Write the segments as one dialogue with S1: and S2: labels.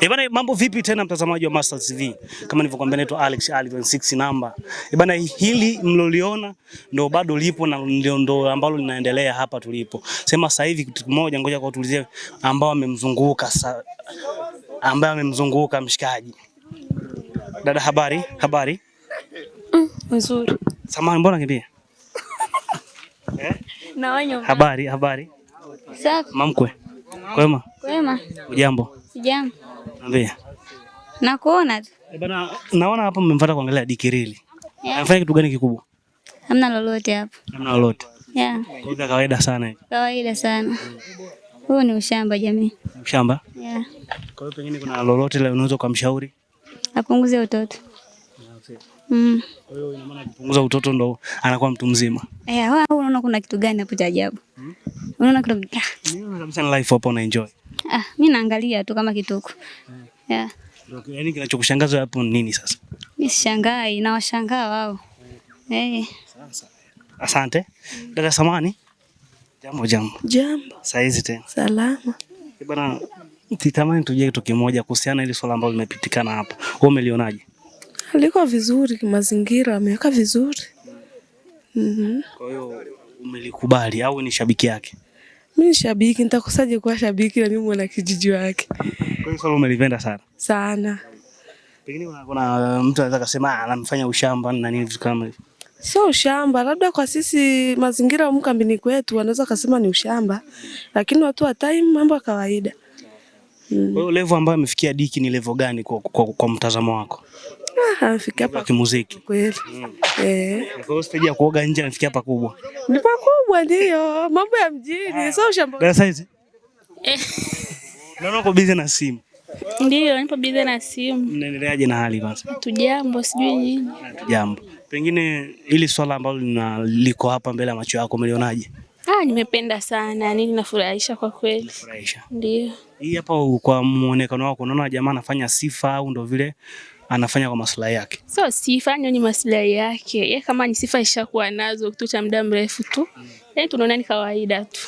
S1: E bana, mambo vipi tena mtazamaji wa Mastaz TV? Kama nilivyokuambia naitwa Alex Ali 26 namba. E bana, hili mloliona ndio bado lipo na ndio ndo ambalo linaendelea hapa tulipo. Sema sasa hivi kitu kimoja, ngoja kwa tulizie ambao amemzunguka ambaye amemzunguka mshikaji. Dada, habari? Habari?
S2: Mm, nzuri.
S1: Samahani, mbona kimbia?
S2: Eh? Na wanyo.
S1: Habari, habari. Safi. Mamkwe. Kwema? Kwema. Ujambo? Ujambo. Niambia.
S2: Nakuona tu.
S1: Eh, bana naona hapa mmemfuata kuangalia Dikirili. Yeah. Anafanya kitu gani kikubwa?
S2: Hamna lolote hapo. Hamna lolote. Yeah.
S1: Kwa kawaida sana hivi.
S2: Kawaida sana. Huu ni ushamba jamii. Ushamba? Yeah.
S1: Kwa hiyo pengine kuna lolote la unaweza kumshauri?
S2: Apunguze utoto. Mm. Kwa hiyo
S1: ina maana kupunguza utoto ndo anakuwa mtu mzima.
S2: Eh, wewe unaona kuna kitu gani hapo cha ajabu? Mm. Unaona kuna ah.
S1: mimi kabisa na life hapo na enjoy.
S2: Ah, mimi naangalia tu kama kituko. Hmm. Yeah.
S1: Yaani kinachokushangaza hapo ni nini sasa?
S2: Mimi sishangai, nawashangaa wao. Hmm. Eh. Sasa.
S1: Asante. Mm. Dada Samani. Jambo jambo. Jambo. Saizi tena.
S2: Salama.
S1: Bwana, nitamani tujie kitu kimoja kuhusiana ile swala ambalo limepitikana hapo. Wewe umelionaje?
S2: Aliko vizuri, mazingira ameweka vizuri. Mm-hmm.
S1: Kwa hiyo umelikubali au ni shabiki yake?
S2: Mimi ni shabiki, nitakosaje kuwa shabiki na mimi mwana kijiji wake.
S1: Kwa hiyo swali umelipenda sana.
S2: Sana.
S1: Pengine kuna mtu anaweza kusema anamfanya ah, ushamba na nini vitu kama hivyo.
S2: Sio ushamba, labda kwa sisi mazingira ya mkambini kwetu wanaweza kusema ni ushamba, lakini watu wa time mambo ya kawaida.
S1: Kwa hiyo mm, level ambayo amefikia Diki ni level gani kwa, kwa, kwa mtazamo wako?
S2: Amefikia ah, hapa kimuziki kweli. Mm. Eh.
S1: Kwa hiyo stage ya kuoga nje Ni pakubwa
S2: ndio, mambo ya mjini, ah. sio shamba.
S1: size. Eh. Naona uko busy na simu.
S2: Ndio, nipo busy na simu.
S1: Mnaendeleaje na hali
S2: Tujambo, sijui nyinyi.
S1: Ah, tujambo. Pengine hili swala ambalo liko hapa mbele ya macho yako umelionaje?
S2: Ah, nimependa sana. Nini yaani nafurahisha kwa kweli. Nafurahisha. Ndio.
S1: Hii hapa kwa muonekano wako unaona jamaa anafanya sifa au ndo vile anafanya kwa maslahi yake.
S2: So sifanye ni maslahi yake yeye, kama ni sifa ishakuwa nazo kitu cha muda mrefu tu, yaani tunaona ni kawaida tu,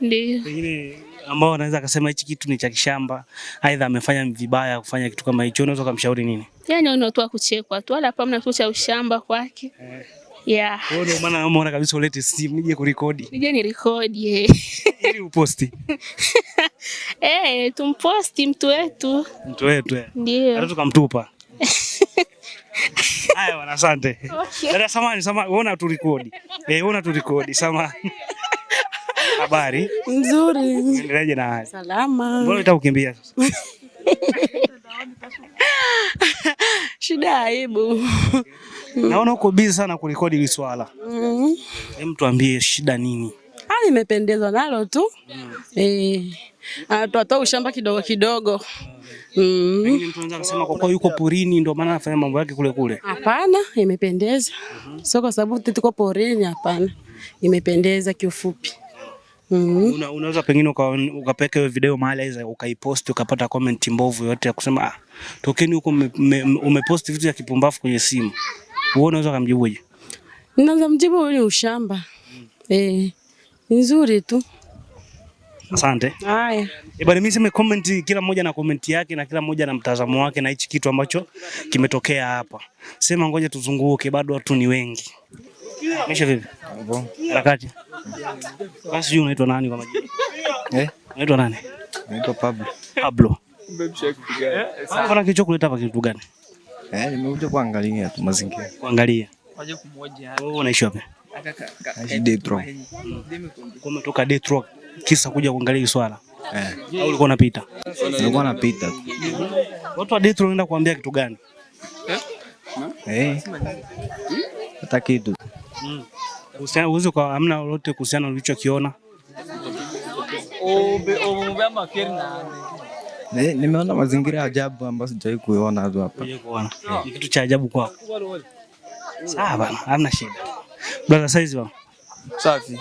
S2: ndio
S1: pengine ambao anaweza akasema hichi kitu ni cha kishamba, aidha amefanya vibaya kufanya kitu kama hicho, unaweza kumshauri nini?
S2: Yani Yaani tu kuchekwa tu, wala hapana kitu cha ushamba kwake. Eh. Yeah.
S1: Ndio maana unaona kabisa ulete simu nije kurekodi.
S2: Nije ni record ye. Eh.
S1: Ili uposti.
S2: Eh, tumposti mtu wetu. Mtu wetu. Eh. Ndio.
S1: Hata tukamtupa. Haya bwana, asante. Dada samani, samani, uona turikodi. Eh, uona turikodi, samani. Habari? Nzuri. Endeleaje na hali?
S2: Salama.
S1: Mbona unataka kukimbia sasa?
S2: Shida aibu.
S1: Naona uko busy sana kurekodi hili swala. Mm. Hem, tuambie shida nini?
S2: Ah, nimependezwa nalo tu. Mm. Eh anatoa ah, ushamba kidogo kidogo. Mm.
S1: kwa yuko porini ndio maana anafanya mambo yake kule kule.
S2: Hapana, imependeza. Mhm. Sio kwa sababu tuko porini, hapana. Imependeza kiufupi. Mm. Una,
S1: unaweza pengine ukapeka hiyo video mahali hizo ukaipost ukapata comment mbovu yote ya kusema ah, tokeni huko umepost vitu vya kipumbavu kwenye simu. Wewe unaweza kumjibuje?
S2: Naweza mjibu ni ushamba. Mm. Eh. Nzuri tu. Asante. Haya.
S1: Eh, bwana mimi sema comment, kila mmoja na comment yake na kila mmoja na mtazamo wake na hichi kitu ambacho kimetokea hapa. Sema ngoja tuzunguke, bado watu ni wengi. Misha vipi? Harakati. Basi yule unaitwa nani kwa majina? Eh? Unaitwa nani? Naitwa Pablo. Pablo. Mbona kicho kuleta hapa kitu gani?
S3: Eh, nimekuja kuangalia tu mazingira.
S1: Kuangalia. Waje kumwoja hapa. Wewe unaishi wapi?
S3: Kaka. Naishi Detro.
S1: Kumetoka Detroit kisa kuja kuangalia hii swala eh? Au ulikuwa unapita?
S3: Nilikuwa napita
S1: Watu wa Detro wanaenda kuambia kitu gani eh?
S3: Eh? Hata kitu
S1: Usiana uzo kwa amna lolote kuhusiana ulichokiona?
S3: Nimeona mazingira ya ajabu ambayo sijawahi kuona hapa.
S1: kitu cha ajabu kwako? Sawa bana, hamna shida brother. size bana Safi.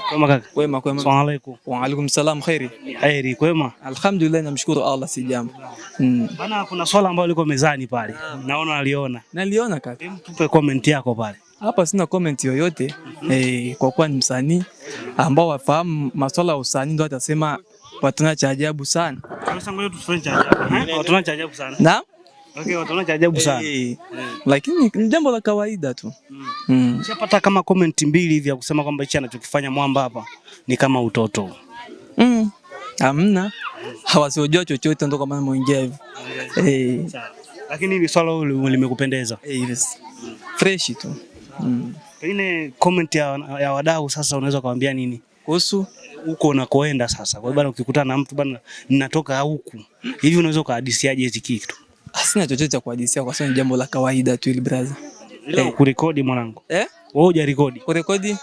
S1: Kwema kwema kaka. Asalamu alaykum. Wa alaykum salam. Khairi.
S4: Khairi kwema.
S1: Alhamdulillah, namshukuru Allah, si jambo. Mm. Bana, kuna swala ambalo liko mezani pale. Naona aliona.
S4: Naliona kaka.
S1: Hem, tupe comment yako pale.
S4: Hapa sina comment yoyote. Mm -hmm. Eh, kwa kuwa ni msanii ambao wafahamu masuala ya usanii ndio atasema patuna cha ajabu sana.
S1: Tunasema leo tufanye cha ajabu. Patuna eh? cha ajabu sana. Naam. Okay, wataona cha ajabu sana hey, hey.
S4: Lakini ni jambo la kawaida tu mm. Mm.
S1: Shapata kama comment mbili hivi ya kusema kwamba hichi anachokifanya mwamba hapa ni kama utoto
S4: mm. Amna hawasiojua chochote ndo kama mwingia hivi Eh.
S1: Lakini ni swala limekupendeza
S4: Eh, yes. Fresh tu mm.
S1: Pengine comment ya, ya wadau sasa, unaweza kuambia nini kuhusu huko unakoenda sasa? Kwa hiyo bwana, ukikutana na mtu bwana, ninatoka huku hivi, unaweza ukahadisiaje hizi kitu?
S4: sina chochote cha kuhadisia kwa sababu ni jambo la kawaida tu, ile brother.
S1: Leo hey. Eh. kurekodi mwanangu. Eh? Wewe hujarekodi.
S4: Kurekodi?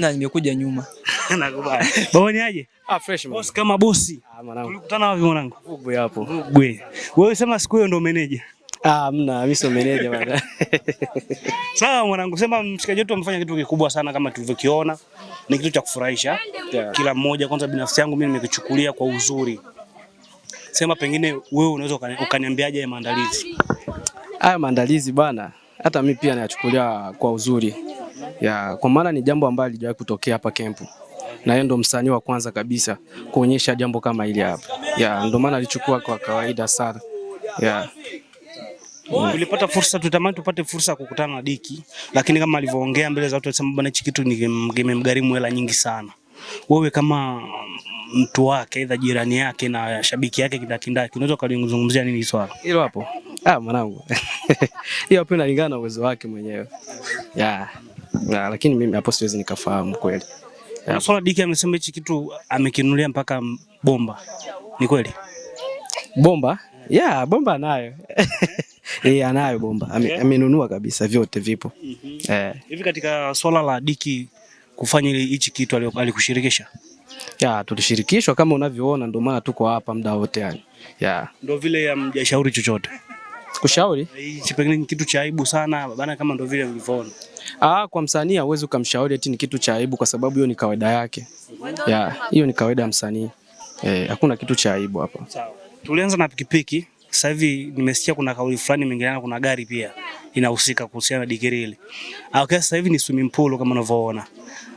S4: Na nimekuja nyuma.
S1: Nakubali. Babani aje?
S4: Ah, fresh man. Boss
S1: kama bosi. Ah, mwanangu. Tulikutana wapi mwanangu? Gwe hapo. Gwe. Wewe sema siku hiyo ndio meneja.
S4: Ah, mna, mimi sio meneja bwana.
S1: Sawa mwanangu, sema mshikaji wetu amefanya kitu kikubwa sana kama tulivyokiona. Ni kitu cha kufurahisha. Yeah. Kila mmoja kwanza, binafsi yangu mimi nimekichukulia kwa uzuri sema pengine wewe unaweza eh? ukaniambiaje ya maandalizi?
S4: Haya maandalizi bwana, hata mimi pia nayachukulia kwa uzuri ya, kwa maana ni jambo ambalo lijawahi kutokea hapa kempu na yeye ndo msanii wa kwanza kabisa kuonyesha jambo kama hili hapa ya, ndo maana alichukua kwa kawaida sana ya.
S1: Mm. Tulipata fursa, tutamani tupate fursa ya kukutana na Diki, lakini kama alivyoongea mbele za watu alisema bwana, hichi kitu kimemgharimu hela nyingi sana. Wewe kama mtu wake aidha jirani yake na shabiki yake kindakindaki, unaweza ukalizungumzia nini swala
S4: hilo hapo? Ah, mwanangu hiyo hapo inalingana na uwezo wake mwenyewe yeah. Yeah, lakini mimi hapo siwezi nikafahamu kweli
S1: yeah. Swala Diki amesema hichi kitu amekinulia mpaka bomba, ni kweli
S4: bomba? Yeah, bomba anayo yeah, anayo bomba amenunua yeah. Amenunua kabisa, vyote vipo mhm. eh. hivi mm
S1: -hmm. Yeah. Katika swala la Diki kufanya hichi kitu alikushirikisha
S4: ya, tulishirikishwa kama unavyoona, ndio maana tuko hapa muda wote yani. Ya.
S1: Ndio vile hamjashauri chochote. Kushauri? Eh, Sikushauri? Pengine ni kitu cha aibu sana bana, kama ndio vile ulivyoona.
S4: Ah, kwa msanii hauwezi ukamshauri eti ni kitu cha aibu kwa sababu hiyo ni kawaida yake. Ya, hiyo ni kawaida ya msanii. Eh, hakuna kitu cha aibu hapa. Sawa.
S1: Tulianza na pikipiki. Sasa hivi nimesikia kuna kauli fulani imeingiliana, kuna gari pia inahusika kuhusiana na digiri ile. Ah, okay, sasa hivi ni swimming pool kama unavyoona.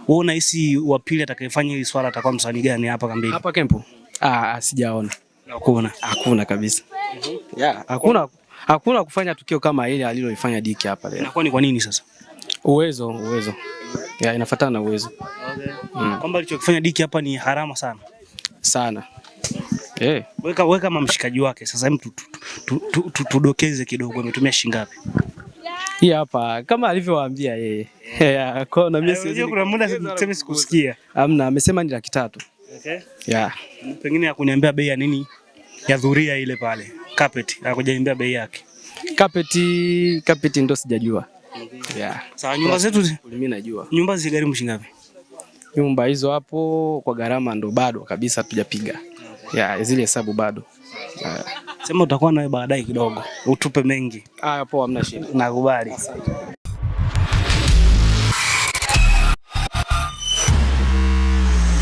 S1: Wewe unahisi wa pili atakayefanya hili swala atakuwa msanii gani hapa kambini?
S4: Hapa kempu? Ah, sijaona. Hakuna. Hakuna kabisa. Mm-hmm. Yeah, hakuna hakuna kufanya tukio kama ile aliloifanya Diki hapa leo.
S1: Na kwani kwa nini sasa?
S4: Uwezo, uwezo. Ya inafuatana na uwezo. Okay.
S1: Mm. Kwamba alichokifanya Diki hapa ni harama sana.
S4: Sana. Eh. Hey.
S1: Weka weka mamshikaji wake sasa, hem tudokeze tu, tu, tu, tu, kidogo ametumia shilingi ngapi?
S4: Hii hapa kama alivyowaambia yeye. Yeah, kwa na mimi eh,
S1: sisi kuna muda sema sikusikia.
S4: Amna, amesema ni laki tatu. Okay. Yeah.
S1: Pengine ya kuniambia bei ya nini ya dhuria ile pale. Carpet, hakujaniambia bei yake.
S4: Carpet, carpet ndo sijajua. Yeah.
S1: Sasa nyumba zetu mimi najua. Nyumba zigharimu shilingi ngapi?
S4: Nyumba hizo hapo kwa gharama ndo bado kabisa tujapiga. Yeah, zile hesabu bado.
S1: Yeah. Sema utakuwa nawe baadaye kidogo, utupe mengi.
S4: Haya, poa, hamna shida. Nakubali.